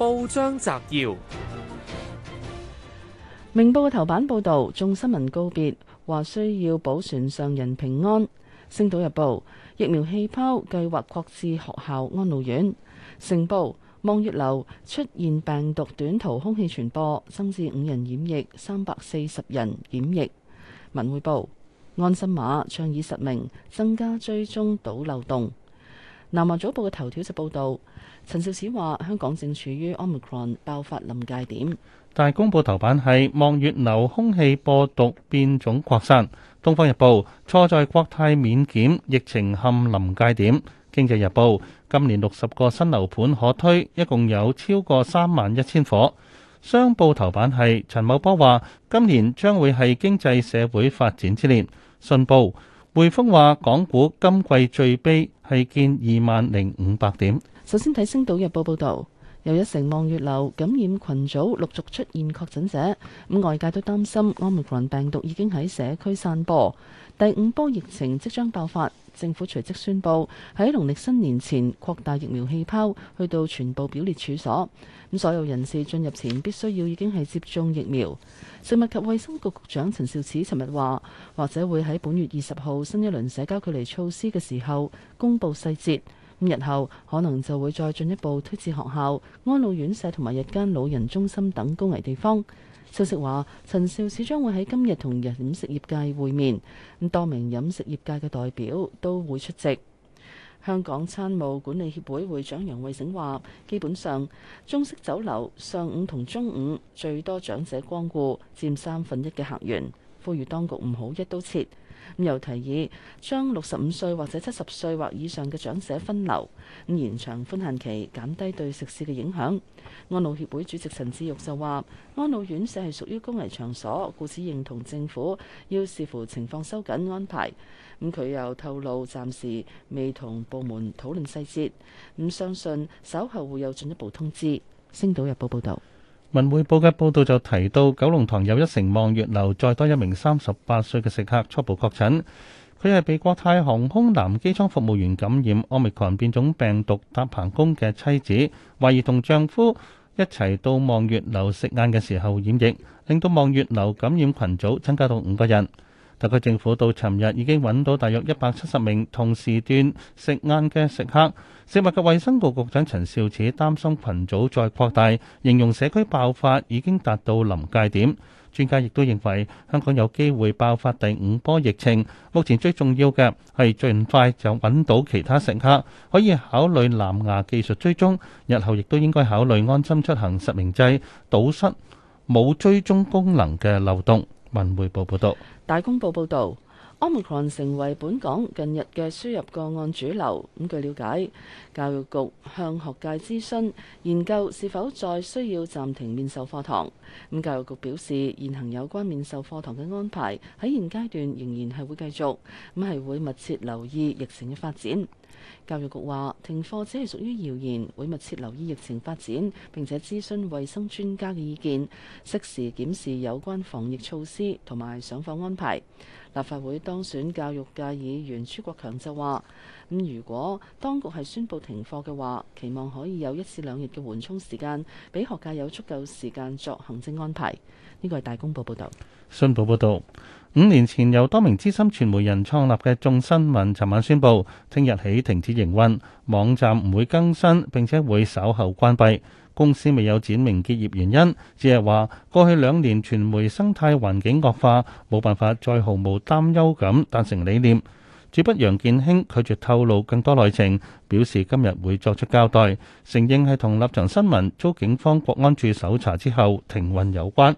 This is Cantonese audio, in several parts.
報章摘要：明報嘅頭版報道，眾新聞告別，話需要保船上人平安。星島日報，疫苗氣泡計劃擴至學校、安老院。成報，望月樓出現病毒短途空氣傳播，增至五人染疫，三百四十人檢疫。文匯報，安心碼倡議實名，增加追蹤堵漏洞。南華早報嘅頭條就報道。陳肇始話：香港正處於 Omicron 爆發臨界點。大公報頭版係望月樓空氣播毒變種擴散。東方日報錯在國泰免檢疫情陷臨界點。經濟日報今年六十個新樓盤可推，一共有超過三萬一千伙。商報頭版係陳茂波話今年將會係經濟社會發展之年。信報匯豐話港股今季最悲係見二萬零五百點。首先睇《星島日報，報》報道，又一成望月樓感染群組陸續出現確診者，咁外界都擔心安密克病毒已經喺社區散播，第五波疫情即將爆發。政府隨即宣布喺農曆新年前擴大疫苗氣泡，去到全部表列處所，咁所有人士進入前必須要已經係接種疫苗。食物及衛生局局長陳肇始尋日話，或者會喺本月二十號新一輪社交距離措施嘅時候公布細節。五日後可能就會再進一步推至學校、安老院舍同埋日間老人中心等高危地方。消息話，陳肇始將會喺今日同日飲食業界會面，多名飲食業界嘅代表都會出席。香港餐務管理協會會長楊惠醒話，基本上中式酒樓上午同中午最多長者光顧，佔三分一嘅客源，呼籲當局唔好一刀切。又提議將六十五歲或者七十歲或以上嘅長者分流，延長寬限期，減低對食肆嘅影響。安老協會主席陳志玉就話，安老院舍係屬於公衞場所，故此認同政府要視乎情況收緊安排。咁佢又透露，暫時未同部門討論細節，唔相信稍後會有進一步通知。星島日報報導。文匯報嘅報道就提到，九龍塘又一城望月樓再多一名三十八歲嘅食客初步確診，佢係被國泰航空男機艙服務員感染奧密克戎變種病毒搭棚工嘅妻子，懷疑同丈夫一齊到望月樓食晏嘅時候染疫，令到望月樓感染群組增加到五個人。特區政府到尋日已經揾到大約一百七十名同時段食晏嘅食客，食物及衛生局局長陳肇始擔心群組再擴大，形容社區爆發已經達到臨界點。專家亦都認為香港有機會爆發第五波疫情，目前最重要嘅係盡快就揾到其他食客，可以考慮藍牙技術追蹤，日後亦都應該考慮安心出行實名制堵塞冇追蹤功能嘅漏洞。文匯報報道，大公報報道。Omicron 成為本港近日嘅輸入個案主流。咁據瞭解，教育局向學界諮詢研究是否再需要暫停面授課堂。咁教育局表示，現行有關面授課堂嘅安排喺現階段仍然係會繼續，咁係會密切留意疫情嘅發展。教育局話停課只係屬於謠言，會密切留意疫情發展，並且諮詢衛生專家嘅意見，適時檢視有關防疫措施同埋上課安排。立法會當選教育界議員朱國強就話：咁如果當局係宣布停課嘅話，期望可以有一至兩日嘅緩衝時間，俾學界有足夠時間作行政安排。呢、這個係大公報報道。信報報道，五年前有多名資深傳媒人創立嘅眾新聞，尋晚宣布聽日起停止營運，網站唔會更新，並且會稍後關閉。公司未有展明結業原因，只係話過去兩年傳媒生態環境惡化，冇辦法再毫無擔憂咁達成理念。主筆楊建興拒絕透露更多內情，表示今日會作出交代，承認係同立場新聞遭警方國安處搜查之後停運有關。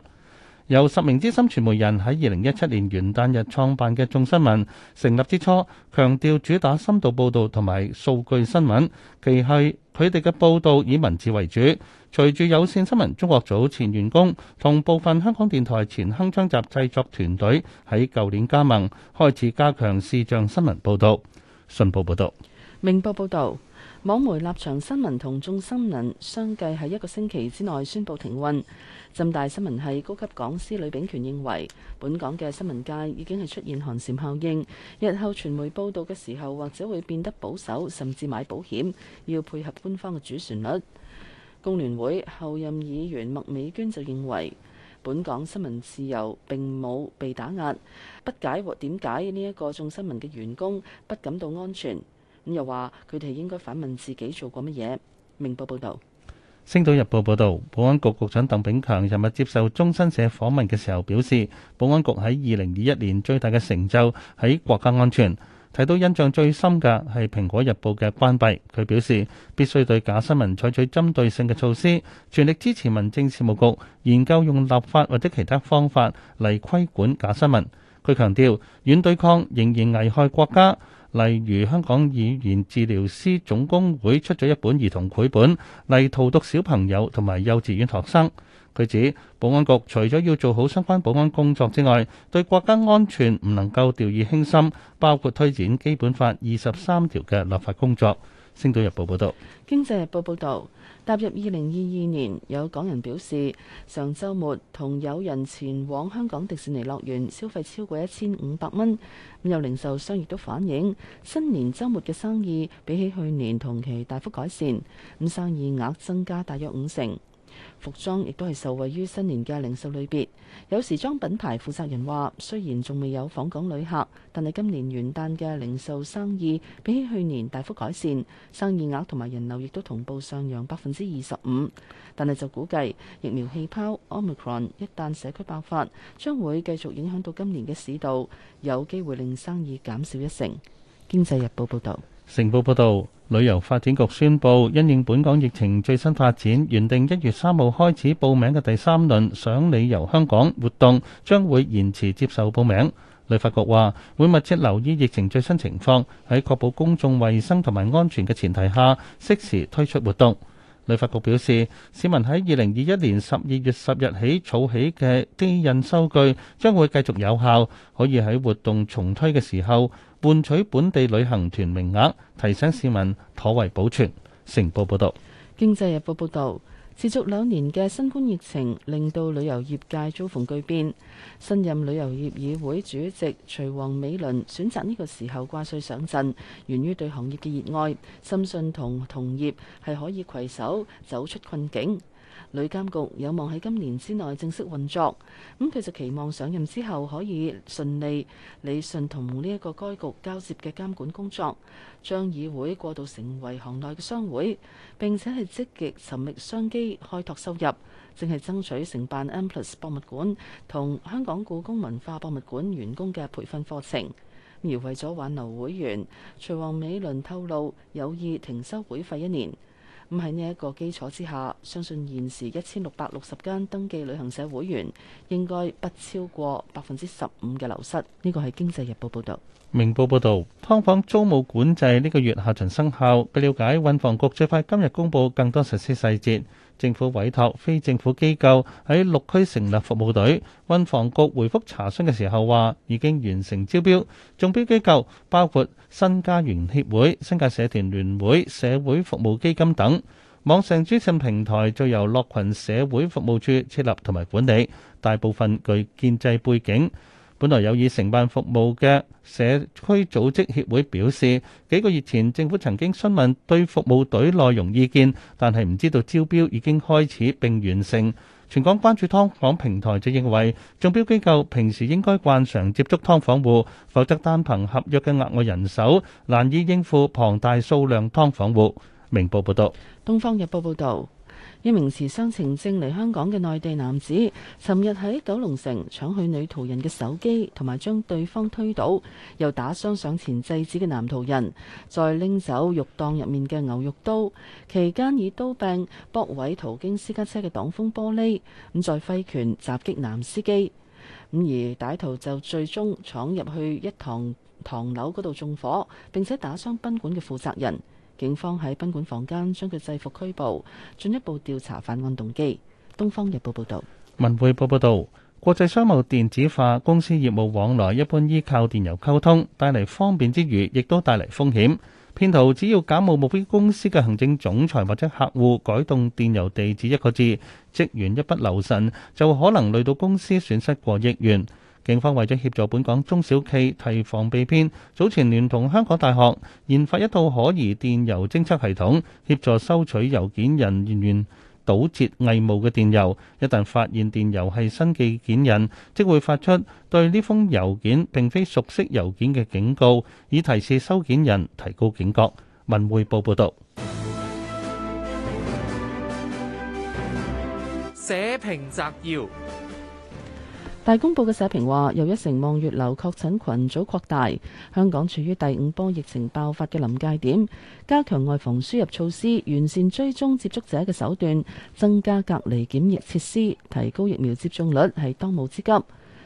由十名資深傳媒人喺二零一七年元旦日創辦嘅眾新聞，成立之初強調主打深度報道同埋數據新聞，其係佢哋嘅報道以文字為主。隨住有線新聞中國組前員工同部分香港電台前鏗鏘集製作團隊喺舊年加盟，開始加強視像新聞報道。信報報道，明報報道。網媒立場新聞同眾新聞相繼喺一個星期之內宣布停運。浸大新聞系高級講師呂秉權認為，本港嘅新聞界已經係出現寒蟬效應，日後傳媒報道嘅時候或者會變得保守，甚至買保險，要配合官方嘅主旋律。工聯會候任議員麥美娟就認為，本港新聞自由並冇被打壓，不解或點解呢一個眾新聞嘅員工不感到安全。咁又話佢哋應該反問自己做過乜嘢？明報報導，《星島日報》報道，保安局局長鄧炳強尋日接受中新社訪問嘅時候表示，保安局喺二零二一年最大嘅成就喺國家安全。睇到印象最深嘅係《蘋果日報》嘅關閉。佢表示必須對假新聞採取針對性嘅措施，全力支持民政事務局研究用立法或者其他方法嚟規管假新聞。佢強調，軟對抗仍然危害國家。例如香港語言治療師總工會出咗一本兒童繪本嚟荼毒小朋友同埋幼稚園學生。佢指保安局除咗要做好相關保安工作之外，對國家安全唔能夠掉以輕心，包括推展《基本法》二十三條嘅立法工作。星島日報報道，經濟日報報道，踏入二零二二年，有港人表示，上周末同友人前往香港迪士尼樂園消費超過一千五百蚊。有零售商亦都反映，新年周末嘅生意比起去年同期大幅改善，咁生意額增加大約五成。服裝亦都係受惠於新年嘅零售類別，有時裝品牌負責人話：雖然仲未有訪港旅客，但係今年元旦嘅零售生意比起去年大幅改善，生意額同埋人流亦都同步上揚百分之二十五。但係就估計，疫苗氣泡 Omicron 一旦社區爆發，將會繼續影響到今年嘅市道，有機會令生意減少一成。經濟日報報道，成報報道。旅遊發展局宣佈，因應本港疫情最新發展，原定一月三號開始報名嘅第三輪賞你遊香港活動將會延遲接受報名。旅發局話會密切留意疫情最新情況，喺確保公眾衛生同埋安全嘅前提下，適時推出活動。旅發局表示，市民喺二零二一年十二月十日起儲起嘅機印收據將會繼續有效，可以喺活動重推嘅時候，換取本地旅行團名額，提醒市民妥為保存。成報報道。《經濟日報》報道，持續兩年嘅新冠疫情令到旅遊業界遭逢巨變。新任旅遊業議會主席徐王美倫選擇呢個時候掛帥上陣，源於對行業嘅熱愛，深信同同業係可以攜手走出困境。旅監局有望喺今年之內正式運作，佢就期望上任之後可以順利理順同呢一個該局交接嘅監管工作，將議會過渡成為行內嘅商會，並且係積極尋覓商機開拓收入，淨係爭取承辦 M+ 博物館同香港故宮文化博物館員工嘅培訓課程。而為咗挽留會員，徐王美倫透露有意停收會費一年。咁喺呢一個基礎之下，相信現時一千六百六十間登記旅行社會員應該不超過百分之十五嘅流失。呢個係《經濟日報》報導，《明報》報導，劏房租務管制呢個月下旬生效。據了解，運房局最快今日公布更多實施細節。政府委託非政府機構喺六區成立服務隊，運防局，回覆查詢嘅時候話已經完成招標，中標機構包括新家園協會、新界社團聯會、社會服務基金等。網上資訊平台就由樂群社會服務處設立同埋管理，大部分具建制背景。本來有意承辦服務嘅社區組織協會表示，幾個月前政府曾經詢問對服務隊內容意見，但係唔知道招標已經開始並完成。全港關注劏房平台就認為，中標機構平時應該慣常接觸劏房戶，否則單憑合約嘅額外人手難以應付龐大數量劏房戶。明報報道。東方日報報道。一名持雙程證嚟香港嘅內地男子，尋日喺九龍城搶去女途人嘅手機同埋將對方推倒，又打傷上前制止嘅男途人，再拎走肉檔入面嘅牛肉刀，期間以刀柄駁毀途經私家車嘅擋風玻璃，咁再揮拳襲擊男司機，咁而歹徒就最終闖入去一幢唐樓嗰度縱火，並且打傷賓館嘅負責人。警方喺賓館房間將佢制服拘捕，進一步調查犯案動機。東方日報報道。文匯報報道，國際商務電子化公司業務往來一般依靠電郵溝通帶嚟方便之餘，亦都帶嚟風險。騙徒只要假冒目標公司嘅行政總裁或者客戶，改動電郵地址一個字，職員一不留神，就可能累到公司損失過億元。警方為咗協助本港中小企提防被騙，早前聯同香港大學研發一套可疑電郵偵測系統，協助收取郵件人員員堵截偽冒嘅電郵。一旦發現電郵係新寄件人，即會發出對呢封郵件並非熟悉郵件嘅警告，以提示收件人提高警覺。文匯報報導。社評摘要。大公報嘅社評話，又一城望月樓確診群組擴大，香港處於第五波疫情爆發嘅臨界點，加強外防輸入措施，完善追蹤接觸者嘅手段，增加隔離檢疫設施，提高疫苗接種率係當務之急。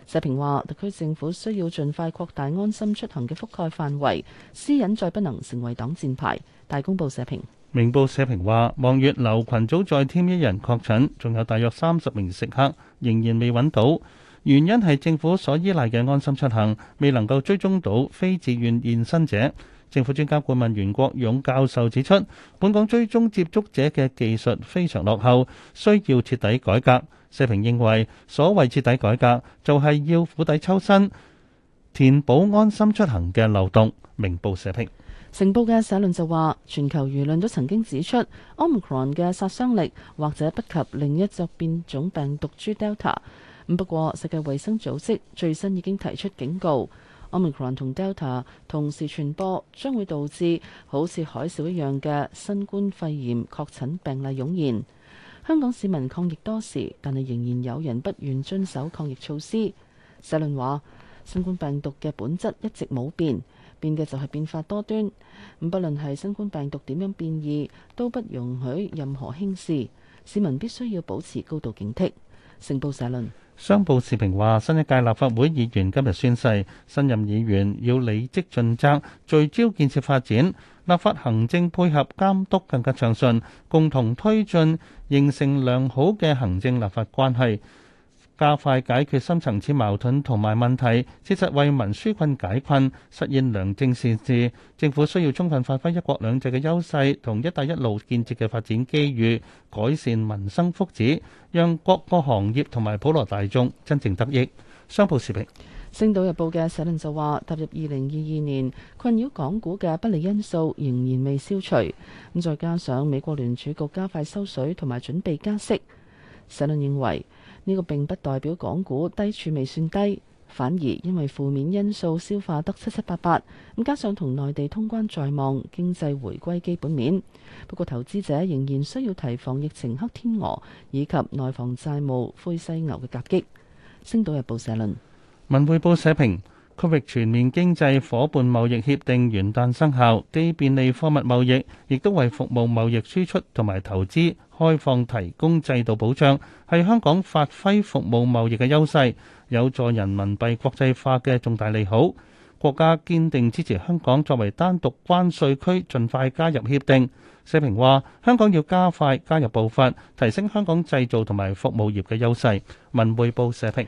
社評話，特區政府需要盡快擴大安心出行嘅覆蓋範圍，私隱再不能成為擋箭牌。大公報社評。明報社評話，望月樓群組再添一人確診，仲有大約三十名食客仍然未揾到。原因係政府所依賴嘅安心出行未能夠追蹤到非自願現身者。政府專家顧問袁國勇教授指出，本港追蹤接觸者嘅技術非常落後，需要徹底改革。社評認為，所謂徹底改革就係要釜底抽薪，填補安心出行嘅漏洞。明報社評。成報嘅社論就話，全球輿論都曾經指出，Omicron 嘅殺傷力或者不及另一隻變種病毒株 Delta。不過，世界衛生組織最新已經提出警告，Omicron 同 Delta 同時傳播將會導致好似海嘯一樣嘅新冠肺炎確診病例湧現。香港市民抗疫多時，但係仍然有人不願遵守抗疫措施。社論話：新冠病毒嘅本質一直冇變，變嘅就係變化多端。咁，不論係新冠病毒點樣變異，都不容許任何輕視。市民必須要保持高度警惕。成報社論。商報視頻話：新一屆立法會議員今日宣誓，新任議員要履職盡責，聚焦建設發展，立法行政配合監督更加暢順，共同推進形成良好嘅行政立法關係。加快解決深層次矛盾同埋問題，切實為民紓困解困，實現良政善治。政府需要充分發揮一國兩制嘅優勢，同一帶一路建設嘅發展機遇，改善民生福祉，讓各個行業同埋普羅大眾真正得益。商報時評，《星島日報》嘅社論就話：踏入二零二二年，困擾港股嘅不利因素仍然未消除，咁再加上美國聯儲局加快收水同埋準備加息，社論認為。呢個並不代表港股低處未算低，反而因為負面因素消化得七七八八，咁加上同內地通關在望，經濟回歸基本面。不過投資者仍然需要提防疫情黑天鵝，以及內房債務灰犀牛嘅夾擊。星島日報社論。文匯報社評。區域全面經濟夥伴貿易協定元旦生效，既便利貨物貿易，亦都為服務貿易輸出同埋投資開放提供制度保障，係香港發揮服務貿易嘅優勢，有助人民幣國際化嘅重大利好。國家堅定支持香港作為單獨關稅區，盡快加入協定。社評話：香港要加快加入步伐，提升香港製造同埋服務業嘅優勢。文匯報社評。